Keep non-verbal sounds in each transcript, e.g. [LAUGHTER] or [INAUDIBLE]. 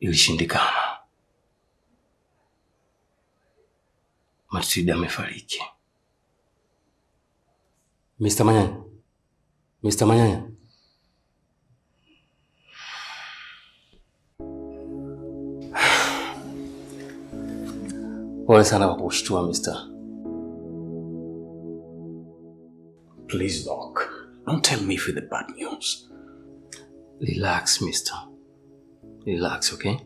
ilishindikana. Matilda amefariki. Mr. Manyanya, Mr. Manyanya, [SIGHS] pole sana kwa kushtua Mr. Please doc, don't tell me for the bad news. Relax mister. Relax, okay?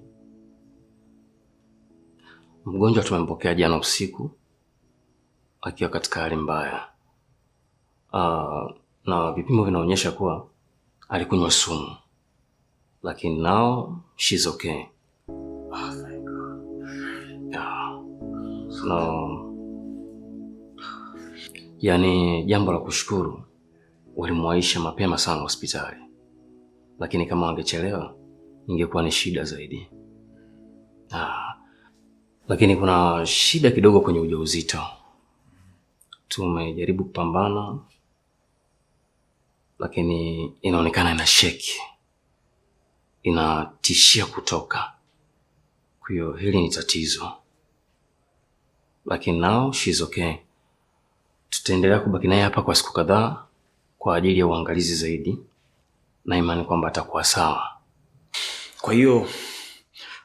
Mgonjwa tumempokea jana usiku akiwa katika hali mbaya. Uh, na vipimo vinaonyesha kuwa alikunywa sumu, lakini now she's okay. Oh, no. Yaani jambo la kushukuru walimwaisha mapema sana hospitali, lakini kama wangechelewa ingekuwa ni shida zaidi. Ah, lakini kuna shida kidogo kwenye ujauzito. Tumejaribu kupambana, lakini inaonekana ina sheki, inatishia kutoka. Kwa hiyo hili ni tatizo, lakini now she's okay. Tutaendelea kubaki naye hapa kwa siku kadhaa kwa ajili ya uangalizi zaidi, na imani kwamba atakuwa sawa. Kwa hiyo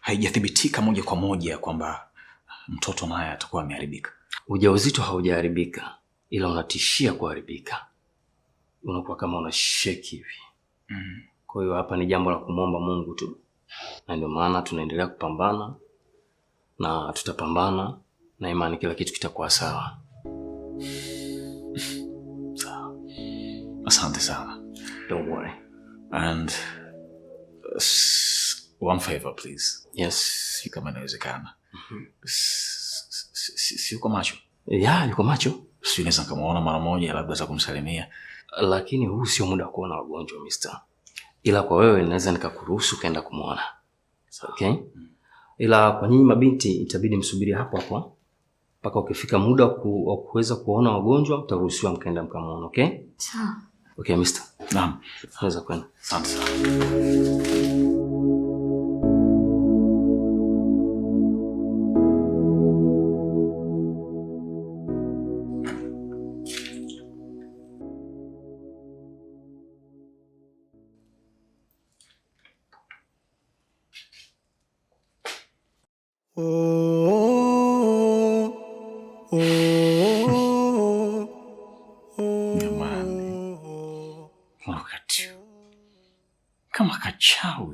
haijathibitika moja kwa moja kwamba mtoto naye atakuwa ameharibika. Ujauzito haujaharibika, ila unatishia kuharibika, unakuwa kama una sheki hivi mm. Kwa hiyo hapa ni jambo la kumwomba Mungu tu, na ndio maana tunaendelea kupambana na tutapambana na imani, kila kitu kitakuwa sawa. [LAUGHS] Sawa, asante sana. Don't worry. And uh, one favor please. Yes. Si kama inawezekana. Mm -hmm. Si uko macho? ya yuko macho. Si unaweza kamaona mara moja labda za kumsalimia. Lakini huu sio muda wa kuona wagonjwa mister. Ila kwa wewe naweza nikakuruhusu kaenda kumwona. Okay? Mm. Ila kwa nyinyi mabinti itabidi msubiri hapo hapo mpaka ukifika muda wa kuweza kuona wagonjwa mtaruhusiwa mkaenda mkamwona, okay? Sawa. Okay, mister. Naam. Naweza kwenda. Asante sana. Oh, oh, oh, Jamani, kama kachawi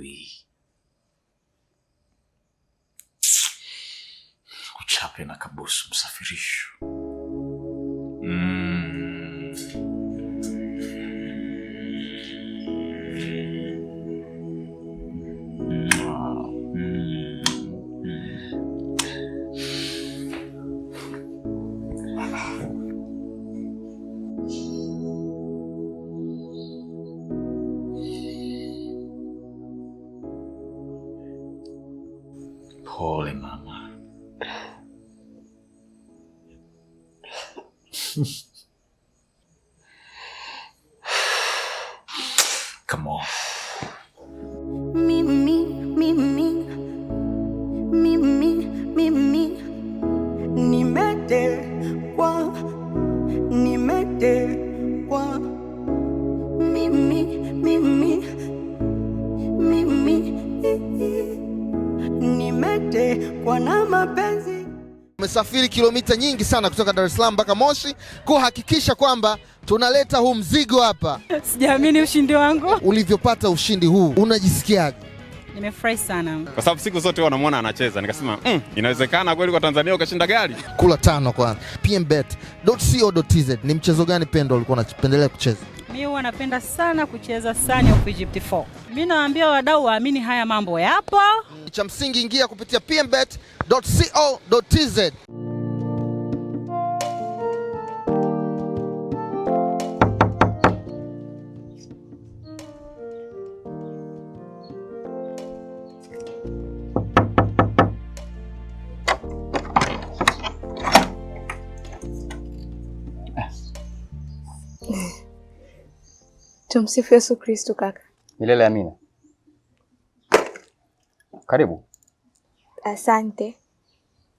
Come on. kilomita nyingi sana kutoka Dar es Salaam mpaka Moshi kuhakikisha kwamba tunaleta huu mzigo hapa. [LAUGHS] Sijaamini ushindi wangu. Ulivyopata ushindi huu unajisikiaje? Nimefurahi sana kwa sababu siku zote wanamwona anacheza, nikasema mm, inawezekana kweli kwa Tanzania ukashinda gari kula tano. Kwa pmbet.co.tz ni mchezo gani pendwa ulikuwa unapendelea kucheza? Mi huwa napenda sana kucheza Sani of Egypt 4. Mi nawaambia wadau waamini haya mambo yapo. Cha msingi ingia kupitia pmbet.co.tz. Tumsifu Yesu Kristo. Kaka milele amina. Karibu. Asante.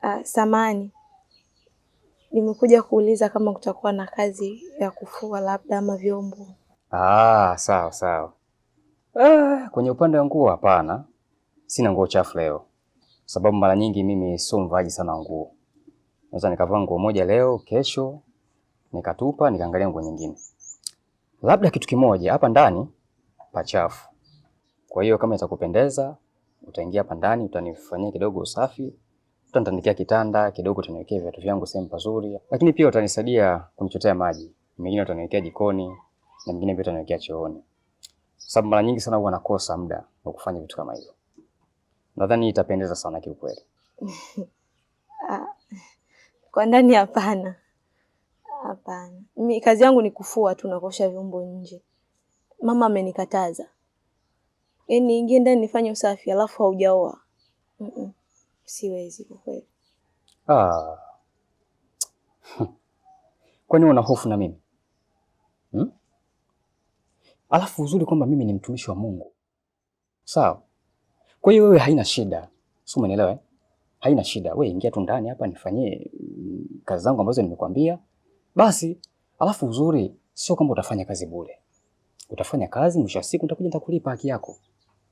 Uh, samani, nimekuja kuuliza kama kutakuwa na kazi ya kufua labda ama vyombo. Ah, sawa sawa. Ah, kwenye upande wa nguo hapana, sina nguo chafu leo, sababu mara nyingi mimi sio mvaaji sana nguo. Naweza nikavaa nguo moja leo, kesho nikatupa, nikaangalia nguo nyingine. Labda kitu kimoja hapa ndani pachafu, kwa hiyo kama itakupendeza utaingia hapa ndani, utanifanyia kidogo usafi, utanitandikia kitanda kidogo, utaniwekea viatu vyangu sehemu pazuri, lakini pia utanisaidia kunichotea maji, mengine utaniwekea jikoni na mengine pia utaniwekea chooni, sababu mara nyingi sana huwa nakosa muda wa kufanya vitu kama hivyo. Nadhani itapendeza sana kiukweli. [LAUGHS] Ah, kwa ndani hapana. Hapana, mimi kazi yangu ni kufua tu na kuosha vyombo nje. Mama amenikataza, yaani niingie ndani nifanye usafi alafu haujaoa. mm -mm. Siwezi kwa kweli. Ah. [LAUGHS] Kwani una hofu na mimi hmm? Alafu uzuri kwamba mimi ni mtumishi wa Mungu, sawa? Kwa hiyo wewe haina shida, si umenielewa eh? Haina shida, wewe ingia tu ndani hapa nifanyie mm, kazi zangu ambazo nimekwambia, basi alafu uzuri sio kwamba utafanya kazi bure, utafanya kazi, mwisho wa siku nitakuja nitakulipa haki yako.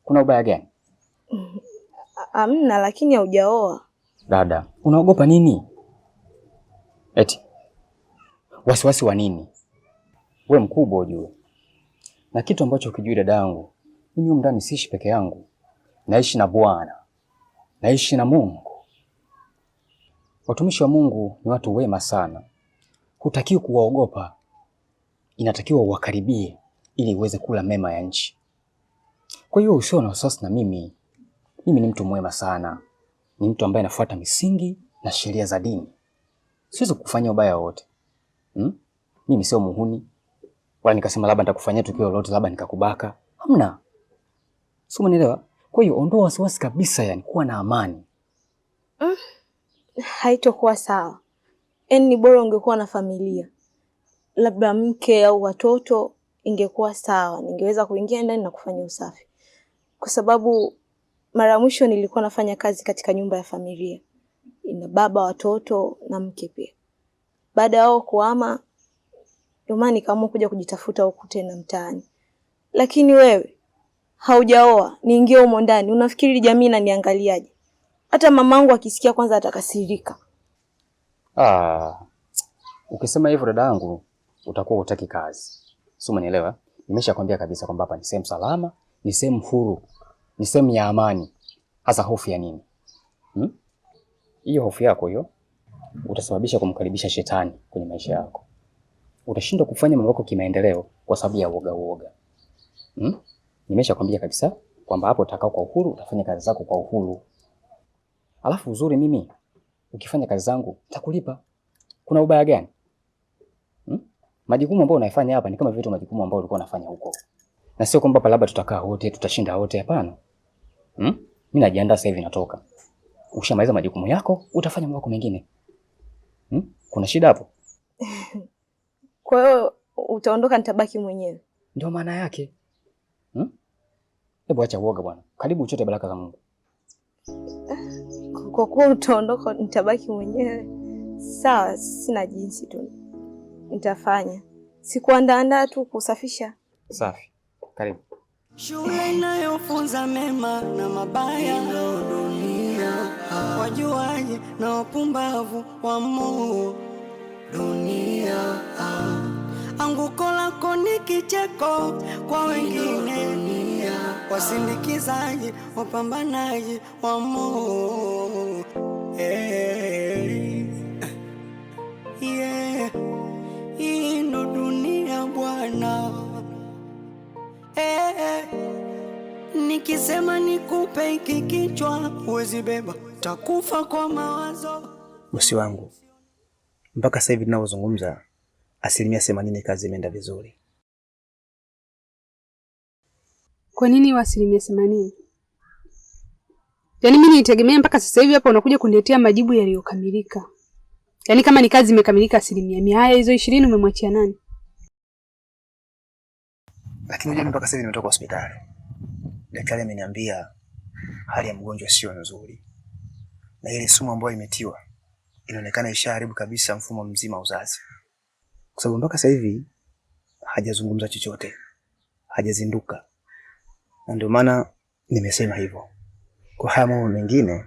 Kuna ubaya gani? [LAUGHS] Amna, lakini haujaoa dada. Unaogopa nini? Eti wasiwasi wa nini? We mkubwa ujue, na kitu ambacho ukijui dadangu, mimi huko ndani siishi peke yangu, naishi na Bwana, naishi na Mungu. Watumishi wa Mungu ni watu wema sana hutakiwi kuwaogopa, inatakiwa uwakaribie ili uweze kula mema ya nchi. Kwa hiyo usio na wasiwasi na mimi, mimi ni mtu mwema sana, ni mtu ambaye anafuata misingi na sheria za dini, siwezi kufanya ubaya wote hmm? Mimi sio muhuni wala nikasema labda nitakufanyia tukio lolote, labda nikakubaka, hamna. Si umenielewa? Kwa hiyo ondoa wasiwasi kabisa, yani kuwa na amani. Mm, haitokuwa sawa yani ni bora ungekuwa na familia, labda mke au watoto, ingekuwa sawa, ningeweza kuingia ndani na kufanya usafi, kwa sababu mara ya mwisho nilikuwa nafanya kazi katika nyumba ya familia, ina baba, watoto na mke pia. Baada ya wao kuhama, ndio maana nikaamua kuja kujitafuta huku tena mtaani. Lakini wewe haujaoa, niingie humo ndani, unafikiri jamii inaniangaliaje? Hata mamangu akisikia kwanza atakasirika. Ah, ukisema hivyo dada yangu utakuwa utaki kazi, si umenielewa? Nimeshakwambia kabisa kwamba hapa ni sehemu salama, ni sehemu huru, ni sehemu ya amani. Hasa hofu ya nini hmm? hiyo? Hofu yako hiyo utasababisha kumkaribisha shetani kwenye maisha yako. Utashindwa kufanya mambo yako kimaendeleo kwa sababu ya uoga uoga. Hmm? Nimeshakwambia kabisa kwamba hapo utakao kwa uhuru, utafanya kazi zako kwa uhuru. Alafu uzuri mimi ukifanya kazi zangu nitakulipa. Kuna ubaya gani? Hmm? Majukumu ambayo unaifanya hapa ni kama vile majukumu ambayo ulikuwa unafanya huko. Na sio kwamba labda tutakaa wote, tutashinda wote, hapana. Hmm? Mimi najiandaa sasa hivi natoka. Ukishamaliza majukumu yako, utafanya mambo mengine. Hmm? Kuna shida hapo? [LAUGHS] Kwa hiyo utaondoka nitabaki mwenyewe. Ndio maana yake. Hmm? Hebu acha uoga bwana. Karibu uchote baraka za Mungu. Ah kwa kuwa utaondoka, nitabaki mwenyewe. Sawa, sina jinsi tu, nitafanya. Sikuandaandaa tu kusafisha. Safi, karibu. Shule inayofunza mema na mabaya, dunia. Wajuaji na wapumbavu wa moo dunia. Anguko lako ni kicheko kwa wengine wasindikizaji, wapambanaji wa Mungu eh. yeah. ndo dunia bwana hey. Eh. Nikisema nikupe hiki kichwa huwezi beba, takufa kwa mawazo. Bosi wangu, mpaka sasa hivi tunavyozungumza, asilimia themanini kazi imeenda vizuri Kwa nini wa asilimia themanini? Yaani mimi nilitegemea mpaka sasa hivi hapa unakuja kuniletea majibu yaliyokamilika. Yaani kama ni kazi imekamilika asilimia mia, haya hizo ishirini umemwachia nani? Lakini mimi mpaka sasa hivi nimetoka hospitali, daktari ameniambia hali ya mgonjwa sio nzuri, na ile sumu ambayo imetiwa inaonekana ishaharibu kabisa mfumo mzima wa uzazi, kwa sababu mpaka sasa hivi hajazungumza chochote, hajazinduka na ndio maana nimesema hivyo. Kwa haya mambo mengine,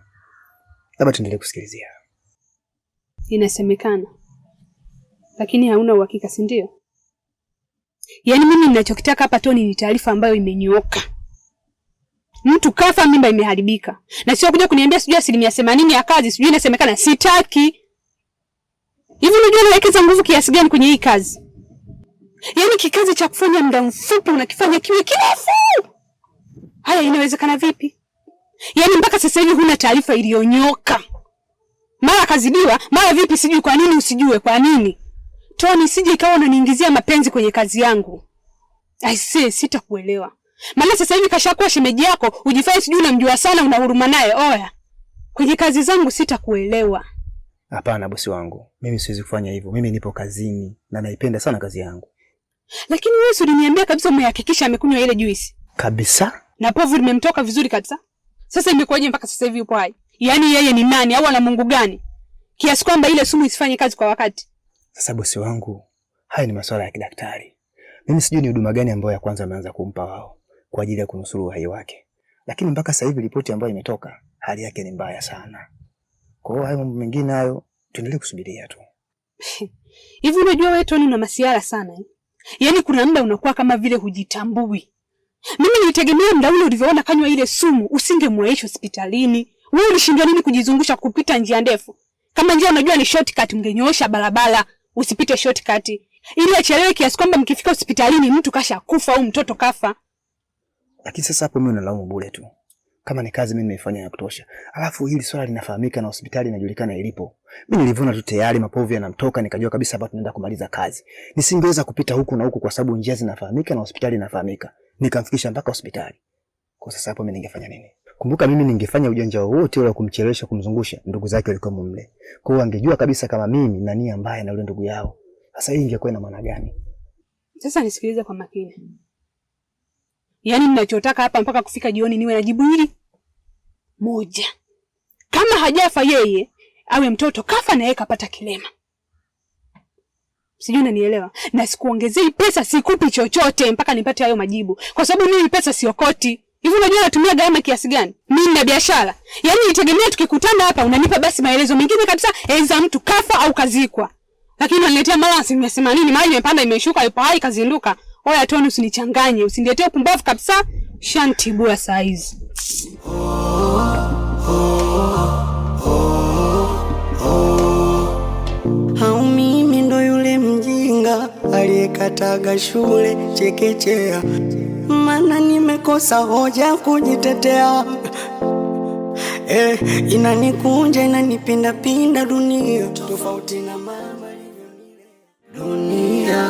labda tuendelee kusikilizia. Inasemekana, lakini hauna uhakika, si ndio? Yaani mimi ninachokitaka hapa Toni ni taarifa ambayo imenyooka. Mtu kafa, mimba imeharibika, na sio kuja kuniambia sijui asilimia themanini ya kazi sijui inasemekana. Sitaki hivi. Unajua nawekeza nguvu kiasi gani kwenye hii kazi? Yaani kikazi cha kufanya muda mfupi unakifanya kiwe kirefu. Haya inawezekana vipi? Yaani mpaka sasa hivi huna taarifa iliyonyoka, mara kazidiwa, mara vipi, sijui kwa nini usijue. Kwa nini Toni? Sije ikawa unaniingizia mapenzi kwenye kazi yangu. Aisee, sitakuelewa maana sasa hivi kashakuwa shemeji yako, ujifanye sijui unamjua sana, una huruma naye. Oya, kwenye kazi zangu sitakuelewa. Hapana bosi wangu, mimi siwezi kufanya hivyo. Mimi nipo kazini na naipenda sana kazi yangu. Lakini wewe uliniambia kabisa umehakikisha amekunywa ile juisi kabisa na povu limemtoka vizuri kabisa. Sasa imekuwaje mpaka sasa hivi yupo hai? Yaani yeye ni nani au ana Mungu gani kiasi kwamba ile sumu isifanye kazi kwa wakati? Sasa bosi wangu, haya ni masuala ya kidaktari. Mimi sijui ni huduma gani ambayo ya kwanza ameanza kumpa wao kwa ajili ya kunusuru uhai wake, lakini mpaka sasa hivi ripoti ambayo imetoka, hali yake ni mbaya sana. Kwa hiyo hayo mambo mengine hayo tuendelee kusubiria tu. [LAUGHS] Hivi unajua wewe Toni, una masiara sana eh? Yaani kuna muda unakuwa kama vile hujitambui mimi nilitegemea mda ule ulivyoona kanywa ile sumu usingemwaisha hospitalini. Wewe ulishindwa nini kujizungusha kupita njia ndefu? Kama njia unajua ni shortcut, mngenyoosha barabara, usipite shortcut. Ili achelewe kiasi kwamba mkifika hospitalini mtu kasha kufa au mtoto kafa. Lakini sasa hapo mimi nalaumu bure tu. Kama ni kazi mimi nimeifanya ya kutosha. Alafu hili swala linafahamika na hospitali inajulikana ilipo. Mimi nilivuna tu tayari mapovu yanamtoka nikajua kabisa hapa tunaenda kumaliza kazi. Nisingeweza kupita huku na huku kwa sababu njia zinafahamika na hospitali inafahamika nikamfikisha mpaka hospitali. Kwa sasa hapo mimi ningefanya nini? Kumbuka mimi ningefanya ujanja wowote ule wa kumchelewesha, kumzungusha. Ndugu zake walikuwa mumle. kwa hiyo angejua kabisa kama mimi na nia mbaya na yule ndugu yao. Sasa hii ingekuwa ina maana gani? Sasa nisikilize kwa makini, yaani mnachotaka hapa mpaka kufika jioni niwe na jibu hili moja, kama hajafa yeye awe mtoto kafa na yeye kapata kilema Sijui unanielewa. Na sikuongezei pesa, sikupi chochote mpaka nipate hayo majibu, kwa sababu mimi pesa siokoti. Hivi unajua natumia gharama kiasi gani? Mimi na biashara. Yaani nitegemea tukikutana hapa unanipa basi maelezo mengine kabisa, eza mtu kafa au kazikwa. Lakini unaniletea mara asilimia themanini, mali imepanda imeshuka, yupo hai kazinduka. Oya Toni, usinichanganye, usiniletee upumbavu kabisa. Shanti Shantibua saa hizi. aliyekataga shule chekechea, mana nimekosa hoja kujitetea. Eh, inanikunja inanipindapinda dunia tofauti na mama dunia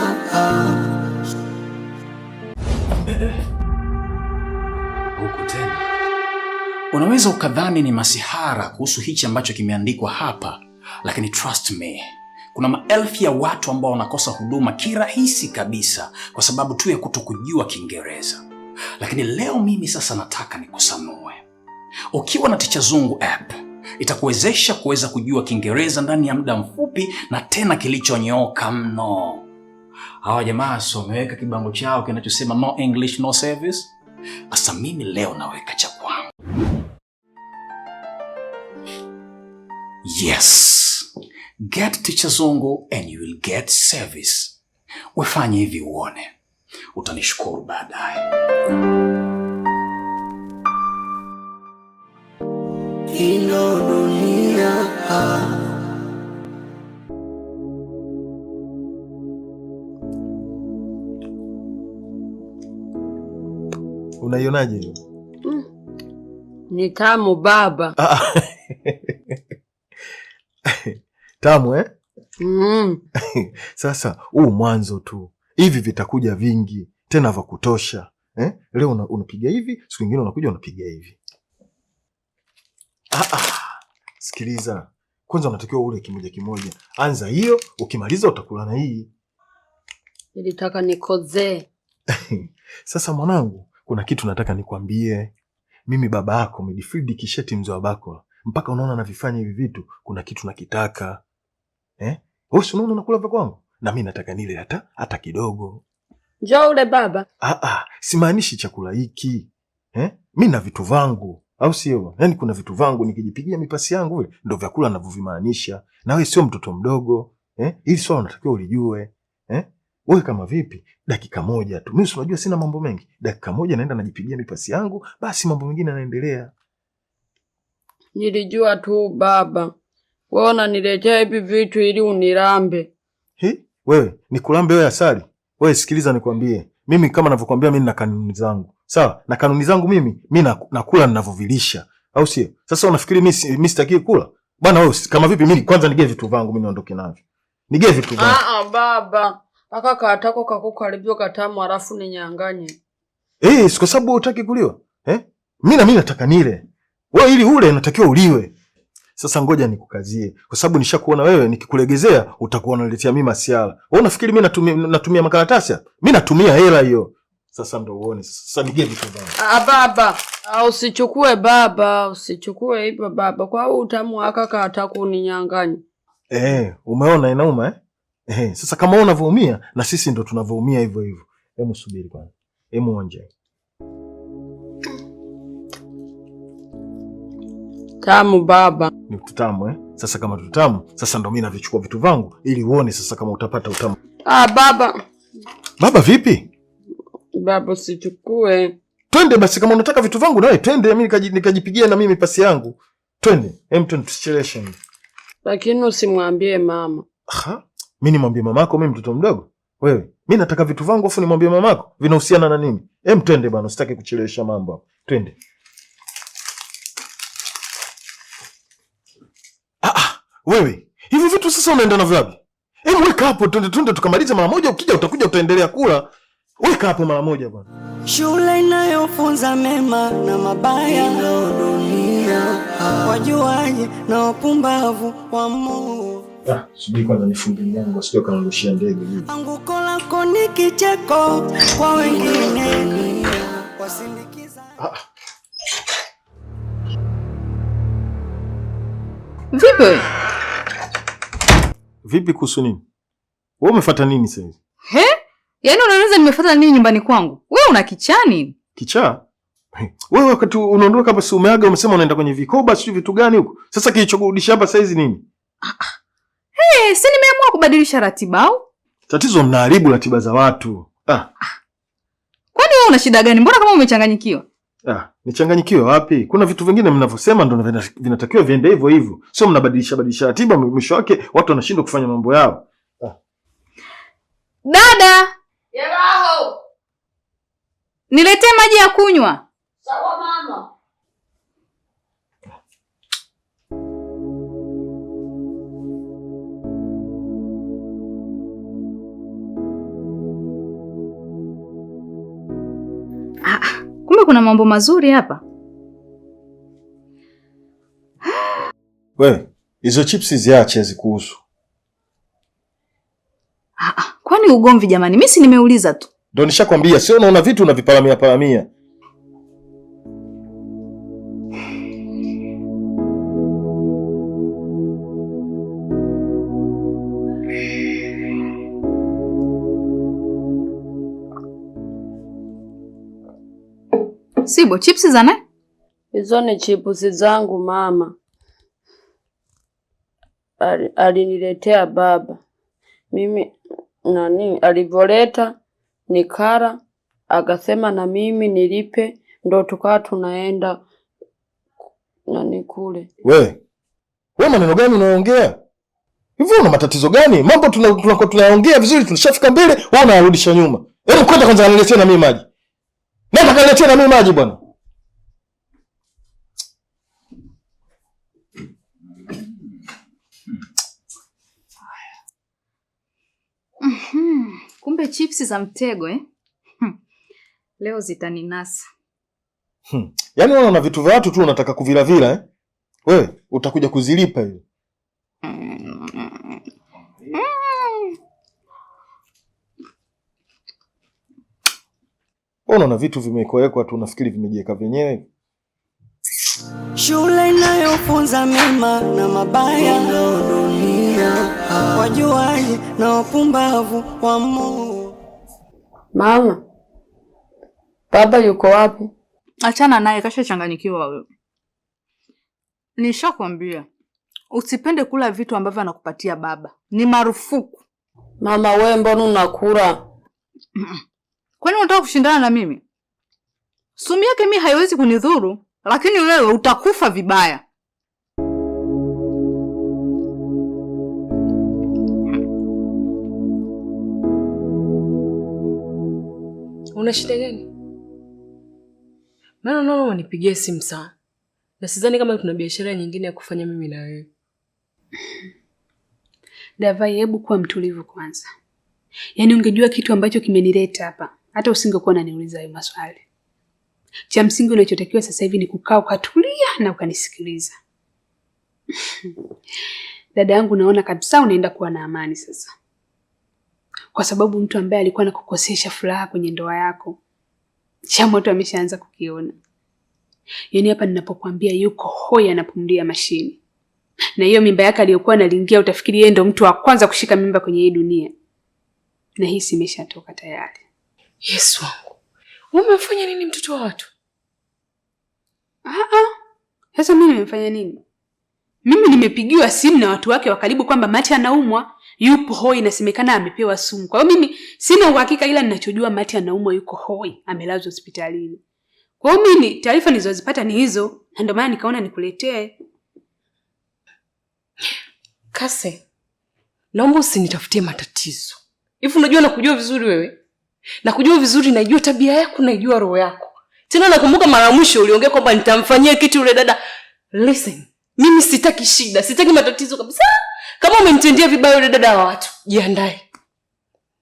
huku tena. Unaweza ukadhani ni masihara kuhusu hichi ambacho kimeandikwa hapa, lakini trust me kuna maelfu ya watu ambao wanakosa huduma kirahisi kabisa kwa sababu tu ya kutokujua Kiingereza. Lakini leo mimi sasa nataka nikusanue. Ukiwa na Ticha Zungu app itakuwezesha kuweza kujua Kiingereza ndani ya muda mfupi na tena kilichonyooka mno. Hawa jamaa so wameweka kibango chao kinachosema no English no service? Asa mimi leo naweka cha kwangu. Yes get Ticha Zongo and you will get service. Wefanye hivi uone, utanishukuru baadaye. unaionaje? Mm, ni tamu baba [LAUGHS] tamu eh? Mm. [LAUGHS] Sasa huu mwanzo tu, hivi vitakuja vingi tena vya kutosha eh? Leo unapiga hivi, siku nyingine unakuja unapiga hivi. Ah, ah. Sikiliza kwanza, unatakiwa ule kimoja kimoja, anza hiyo, ukimaliza utakula na hii. Nilitaka nikozee [LAUGHS] sasa. Mwanangu, kuna kitu nataka nikwambie. Mimi baba yako Midfield kisheti mzee wa Bakola, mpaka unaona navifanya hivi vitu, kuna kitu nakitaka eh? Wewe unaona unakula vya kwangu na mimi nataka nile hata hata kidogo. Njoo ule baba. Ah ah, simaanishi chakula hiki. Eh? Mimi na vitu vangu, au sio? Yaani kuna vitu vangu nikijipigia mipasi yangu ile ndio vyakula ninavyovimaanisha. Na wewe sio mtoto mdogo, eh? Ili swala unatakiwa ulijue. Eh? Wewe kama vipi? Dakika moja tu. Mimi unajua sina mambo mengi. Dakika moja naenda najipigia mipasi yangu, basi mambo mengine yanaendelea. Nilijua tu baba. Wewe unaniletea hivi vitu ili unirambe. Hi, wewe ni nikulambe wewe asali. Wewe sikiliza nikwambie. Mimi kama ninavyokuambia mimi nina kanuni zangu. Sawa? Na kanuni zangu mimi mimi nakula ninavyovilisha. Au sio? Sasa unafikiri mimi mimi sitaki kula? Bwana wewe kama vipi mimi kwanza nige vitu vangu mimi niondoke navyo. Nige vitu ah, vangu. Ah ah baba. Kaka katako kako karibio katamu halafu ninyanganye. Eh, hey, siko sababu hutaki kuliwa. Eh? Mimi na mimi nataka nile. Wewe ili ule natakiwa uliwe. Sasa ngoja nikukazie, kwa sababu nishakuona wewe, nikikulegezea utakuwa unaletea mimi masiala. Wewe unafikiri mimi natumia, natumia makaratasi? Mimi natumia hela hiyo. Sasa ndo uone sasa, nige vitu ah, ah, baba ah, usichukue baba, usichukue hivyo baba, kwa hiyo utamu wa atakuninyang'anya. Eh, umeona inauma eh? Eh, sasa kama wewe unavyoumia na sisi ndo tunavyoumia hivyo hivyo. Hebu subiri kwanza, hebu onje Tamu baba. Ni tutamu eh? Sasa kama tutamu, sasa ndo mimi navichukua vitu vangu ili uone sasa kama utapata utamu. Ah, baba. Baba vipi? Baba sichukue. Twende basi kama unataka vitu vangu nawe twende mimi nikajipigia na mimi pasi yangu. Twende. Hem, twende tusicheleshe. Lakini usimwambie mama. Aha. Mimi nimwambie mamako mimi mtoto mdogo? Wewe, mimi nataka vitu vangu afu nimwambie mamako? Vinahusiana na nini? Hem, twende bwana, usitaki kuchelewesha mambo. Twende. Wewe hivi vitu sasa unaenda navyo wapi? Hebu weka hapo, tunde tunde, tukamalize mara moja. Ukija utakuja utaendelea kula. Weka hapo mara moja bwana. Shule inayofunza mema na mabaya ndio dunia, wajuaji na wapumbavu wa Mungu. Ah, Anguko lako ni kicheko kwa wengine, ah. vipi? Vipi kuhusu nini? Wewe umefuata nini sasa hivi? He? Yaani unaweza nimefuata nini nyumbani kwangu? Wewe una kichaa nini? Kichaa? Wewe wakati unaondoka hapa si umeaga umesema unaenda kwenye vikoba sio vitu gani huko? Sasa kilichokurudisha hapa sasa hizi nini? ah. ah. Hey, si nimeamua kubadilisha ratiba au? Tatizo mnaharibu ratiba za watu. Ah. ah. Kwani wewe una shida gani? Mbona kama umechanganyikiwa? Ah, nichanganyikiwe wapi? Kuna vitu vingine mnavyosema ndo vinatakiwa viende hivyo hivyo, sio mnabadilisha badilisha ratiba, mwisho wake watu wanashindwa kufanya mambo yao. Ah. Dada Dada, niletee maji ya kunywa. Kumbe kuna mambo mazuri hapa. [GASPS] Wewe hizo chips ziache, hazikuhusu. Ah, ah, kwani ugomvi jamani? Mimi si nimeuliza tu. Ndio nishakwambia, sio? Unaona vitu unaviparamia paramia. Sibo, chipsi za nani? Hizo ni chipsi zangu mama aliniletea ali baba mimi nani, alivoleta kara, akasema na mimi nilipe, ndo tukawa tunaenda nani kule. We we, maneno gani unaongea hivyo? Una matatizo gani? Mambo tunaongea tuna, tuna, tuna vizuri, tunashafika mbele, wewe unarudisha nyuma. Hebu kwenda kwanza, kaniletea na mimi maji. Nenda kaniletea na mimi maji bwana. Mm-hmm. Kumbe chipsi za mtego eh? Hmm. Leo zitaninasa. Hmm. Yaani unaona vitu vya watu tu unataka kuvilavila eh? Wewe utakuja kuzilipa hiyo. Unaona vitu vimekoekwa tu, nafikiri vimejiweka vyenyewe. Shule inayofunza mema na mabaya, wajuaji na wapumbavu wa Mungu. Mama, baba yuko wapi? Achana naye, kashachanganyikiwa wewe. Nishakwambia usipende kula vitu ambavyo anakupatia baba, ni marufuku. Mama wewe, mbona unakula? Kwani unataka kushindana na mimi? Sumu yake mimi haiwezi kunidhuru, lakini wewe utakufa vibaya. Una shida gani? Maana naona wanipigia simu sana, na sidhani kama kuna biashara nyingine ya kufanya mimi na wewe. Davai, hebu kuwa mtulivu kwanza. Yaani, ungejua kitu ambacho kimenileta hapa hata usingekuwa unaniuliza hayo maswali. Cha msingi unachotakiwa sasa hivi ni kukaa ukatulia na ukanisikiliza. [LAUGHS] Dada yangu, naona kabisa unaenda kuwa na amani sasa, kwa sababu mtu ambaye alikuwa anakukosesha furaha kwenye ndoa yako cha moto ameshaanza kukiona. Yaani hapa ninapokuambia, yuko hoya anapumlia mashini, na hiyo mimba yake aliyokuwa analingia, utafikiri yeye ndo mtu wa kwanza kushika mimba kwenye hii dunia, na hii simeshatoka tayari. Yesu wangu, umemfanya nini mtoto wa watu? Sasa mimi nimemfanya nini? Mimi nimepigiwa simu na watu wake wa karibu kwamba Mati anaumwa, yupo hoi, inasemekana amepewa sumu. Kwa hiyo mimi sina uhakika, ila ninachojua Mati anaumwa, yuko hoi, amelazwa hospitalini. Kwa hiyo mimi taarifa nilizozipata ni hizo, na ndio maana nikaona nikuletee. Kase, naomba usinitafutie matatizo hivi. Unajua nakujua vizuri wewe Nakujua vizuri, najua tabia yako, najua roho yako. Tena nakumbuka mara mwisho uliongea kwamba nitamfanyia kitu yule dada. Listen, mimi sitaki shida, sitaki matatizo kabisa. Kama umemtendea vibaya yule dada wa watu, jiandae.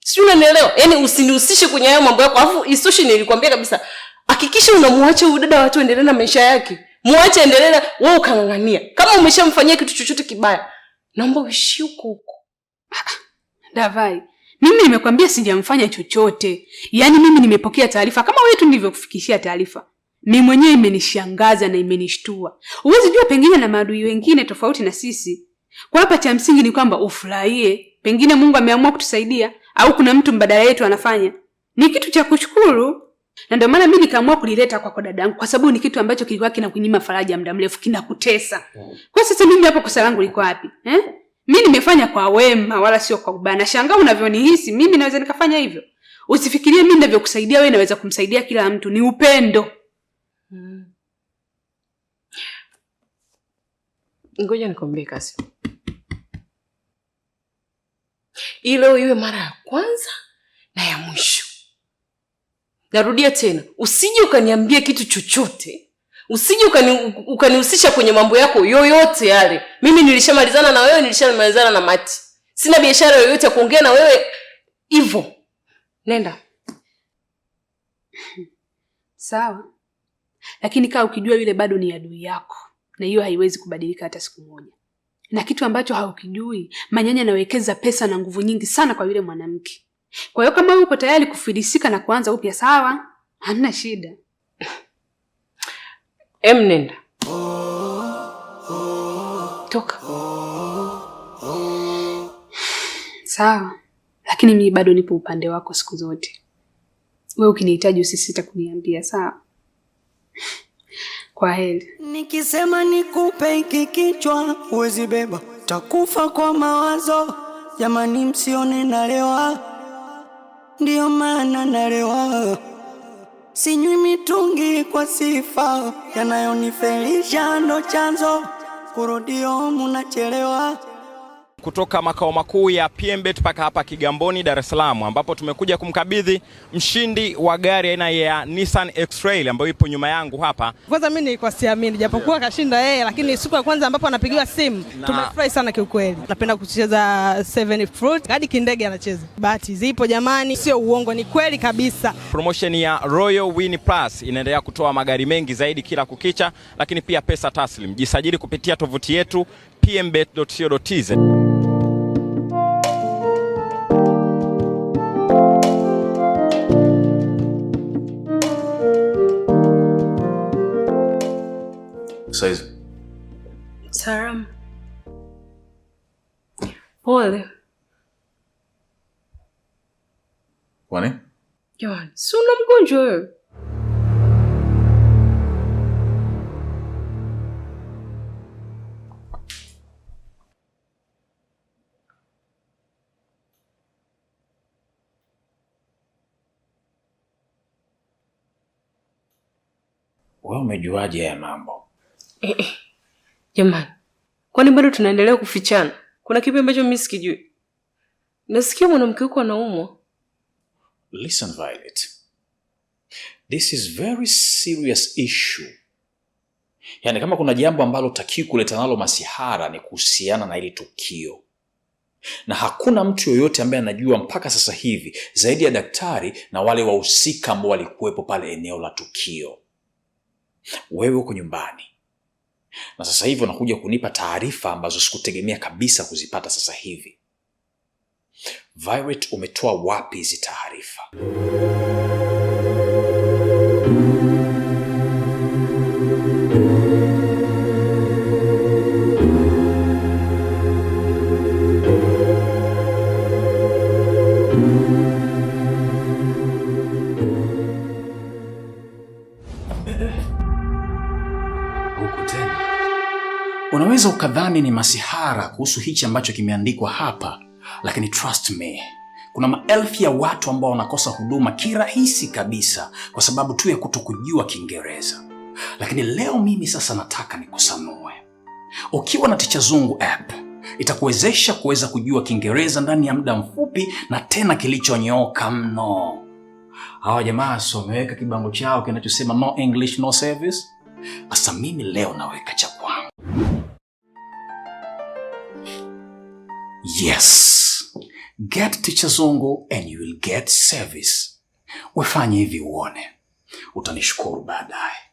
Sio, unanielewa? Yaani usinihusishe kwenye hayo mambo yako. Alafu isoshi nilikwambia kabisa, hakikisha unamwacha huyu dada watu endelee na maisha yake. mwache endelee na wewe ukang'ang'ania. Kama umeshamfanyia kitu chochote kibaya, naomba uishi huko huko. Davai. Mimi nimekwambia sijamfanya chochote. Yaani mimi nimepokea taarifa kama wewe tu nilivyokufikishia taarifa. Mimi mwenyewe imenishangaza na imenishtua. Huwezi jua pengine na maadui wengine tofauti na sisi. Kwa hapa cha msingi ni kwamba ufurahie. Pengine Mungu ameamua kutusaidia au kuna mtu mbadala yetu anafanya. Ni kitu cha kushukuru. Na ndio maana mimi nikaamua kulileta kwako dadangu kwa sababu ni kitu ambacho kilikuwa kinakunyima faraja muda mrefu kinakutesa. Mm. Kwa sasa mimi hapo kosa langu liko wapi? Eh? Mi nimefanya kwa wema, wala sio kwa ubaya. Nashangaa unavyonihisi mimi naweza nikafanya hivyo. Usifikirie mi navyokusaidia wewe, naweza kumsaidia kila mtu. Ni upendo. Hmm. Ngoja nikwambie Kasi, ileo iwe mara ya kwanza na ya mwisho. Narudia tena, usije ukaniambia kitu chochote Usije ukanihusisha ukani kwenye mambo yako yoyote yale. Mimi nilishamalizana na wewe, nilishamalizana na Mati. Sina biashara yoyote ya kuongea na wewe hivyo. Nenda. Sawa, lakini kaa ukijua yule bado ni adui yako, na hiyo haiwezi kubadilika hata siku moja. Na kitu ambacho haukijui, Manyanya anawekeza pesa na nguvu nyingi sana kwa yule mwanamke. Kwa hiyo kama wewe uko tayari kufilisika na kuanza upya, sawa, hamna shida. Emnenda toka sawa, lakini mimi bado nipo upande wako siku zote. Wewe ukinihitaji usisita kuniambia, sawa? Kwa heri. Nikisema nikupe hiki kichwa uwezi beba, takufa kwa mawazo. Jamani, msione nalewa, ndiyo maana nalewa sinywi mitungi kwa sifa, yanayonifelisha ndo chanzo, kurudio munachelewa kutoka makao makuu ya PMBet mpaka hapa Kigamboni, Dar es Salaam, ambapo tumekuja kumkabidhi mshindi wa gari aina ya Nissan X-Trail ambayo ipo nyuma yangu hapa. Kwanza mimi nilikuwa siamini, japokuwa kashinda yeye, lakini siku ya kwanza ambapo anapigiwa simu tumefurahi sana kiukweli. Napenda kucheza Seven Fruit hadi kindege anacheza. Bahati zipo jamani, sio uongo, ni kweli kabisa. Promotion ya Royal Win Plus inaendelea kutoa magari mengi zaidi kila kukicha, lakini pia pesa taslim. Jisajili kupitia tovuti yetu pmbet.co.tz. saizi? Salamu. Pole. Kwani? John, si una mgonjwa wewe? Wewe umejuaje haya mambo? Eh, eh. Jamani, kwani bado tunaendelea kufichana? Kuna kipi ambacho mimi sikijui? Nasikia mwanamke huko anaumwa. Listen Violet. This is very serious issue. Yaani kama kuna jambo ambalo takii kuleta nalo masihara ni kuhusiana na ile tukio, na hakuna mtu yoyote ambaye anajua mpaka sasa hivi zaidi ya daktari na wale wahusika ambao walikuwepo pale eneo la tukio. Wewe uko nyumbani na sasa hivi unakuja kunipa taarifa ambazo sikutegemea kabisa kuzipata sasa hivi. Violet, umetoa wapi hizi taarifa? Unaweza ukadhani ni masihara kuhusu hichi ambacho kimeandikwa hapa, lakini trust me, kuna maelfu ya watu ambao wanakosa huduma kirahisi kabisa kwa sababu tu ya kutokujua Kiingereza. Lakini leo mimi sasa nataka nikusanue. Ukiwa na Ticha Zungu app itakuwezesha kuweza kujua Kiingereza ndani ya muda mfupi na tena kilichonyooka mno. Hawa jamaa so wameweka kibango chao kinachosema no English no service. Asa mimi leo naweka cha kwangu. Yes, get Ticha Zongo and you will get service. Wefanye hivi uone, utanishukuru baadaye.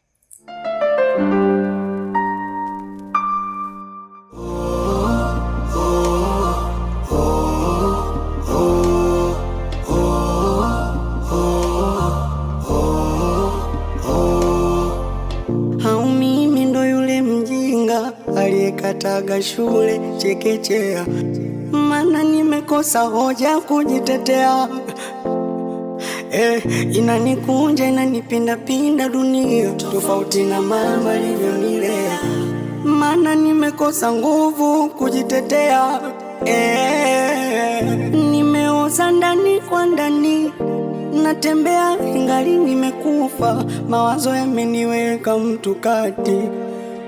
Haumimi yule mjinga aliyekataga shule chekechea maana nimekosa hoja kujitetea eh, inanikunja inanipindapinda dunia tofauti na mama alivyonilea, maana nimekosa nguvu kujitetea eh, nimeoza ndani kwa ndani natembea ingali nimekufa, mawazo yameniweka mtu kati